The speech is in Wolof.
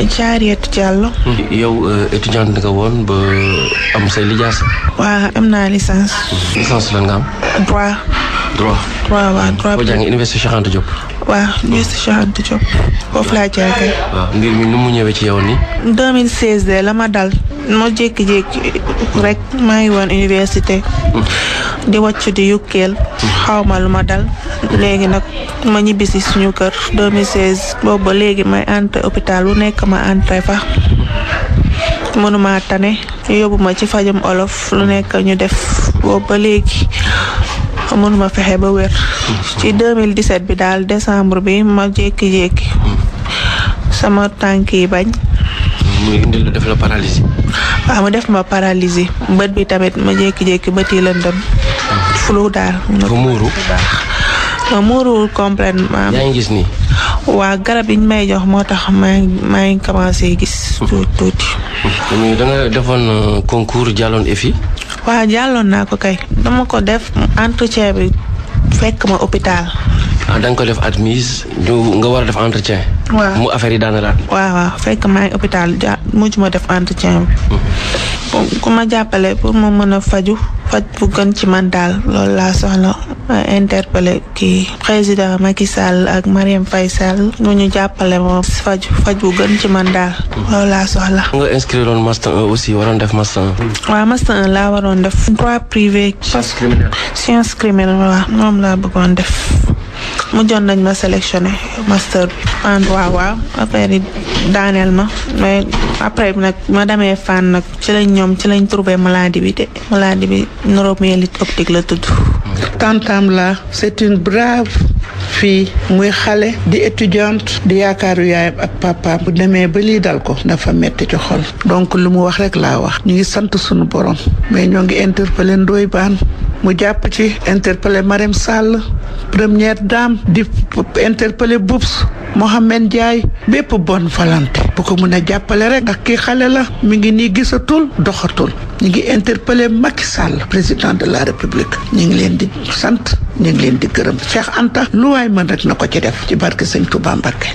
Jaariyatu Diallo. yow euh, étudiante nga woon ba am say lijaasa. am naa licence. licence lan nga droit. droit waaw waaw droit boo jàngee université Cheikh Anta Diop. université Cheikh Anta foofu laa jàngee. waaw mu ñëwee ci yow nii. 2016 de la ma dal ma jékki-jékki rek maa ngi woon université. Hmm. di wàcc di yukkeel. xaw ma lu ma dal. léegi nag ma ñibbisi suñu kër 2016 boobu ba léegi may entré hôpital lu nekk ma entré fa. mënuma tane yóbbu ma ci fajum olof lu nekk ñu def boobu léegi. ma fexe ba wér ci mille 2017 bi daal décembre bi ma jékki-jékki sama tànk yi bañ muy indil def la paralysie waaw ah, mu def ma paralysie bët bi tamit ma jékki-jékki bët yi lëndëm flou daal muuru ma ah, muuruwul complètement yaa ngi gis nii waa garab yi may jox moo tax maa ngi maa ngi commencé gis mm-hmm. tuuti tuuti mm-hmm. da nga defoon euh, concours jàlloon EFI waaw jàlloon naa ko kay dama ko def entretien fekk ma hôpital. ah da ko def admise ñu nga war a def entretien. waaw mu affaire yi daan la waaw fekk maa ngi hôpital ja mujj ma def entretien bi. Mm-hmm. ku ma jàppale pour ma mën a faju faj bu gën ci man daal loolu laa soxla interpellé kii président Macky Sall ak Marième Faye Sall ñu ñu jàppale moom faj faj bu gën ci man daal laa soxla. nga inscrire woon master 1 aussi waroon def master 1. waaw master 1 laa waroon def. droit privé. science criminelle science criminelle waaw moom laa bëggoon def. mujjoon nañ ma sélectionné master en droit waaw yi daaneel ma mais après nag ma demee fan nag ci lañ ñoom ci lañ trouvé maladie bi te maladie bi neuromélie optique la tudd. tantam la c'est une brave fii muy xale di étudiante di yaakaaru yaayam ak papa bu demee ba lii dal ko dafa metti ci xol donc lu mu wax rek laa wax ñu ngi sant sunu borom mais ñoo ngi interpellé Ndoye Bane mu jàpp ci interpellé Marème sàll première dame di interpellé Boubs Mohamed Ndiaye bépp bonne volonté bu ko mën a jàppale rek ndax kii xale la mi ngi nii gisatul doxatul ñu ngi interpellé Macky Sall président de la république ñu ngi leen di sant ñu ngi leen di gërëm Cheikh Anta lu waay mën rek na ko ci def ci barke Sëñ Touba Mbacké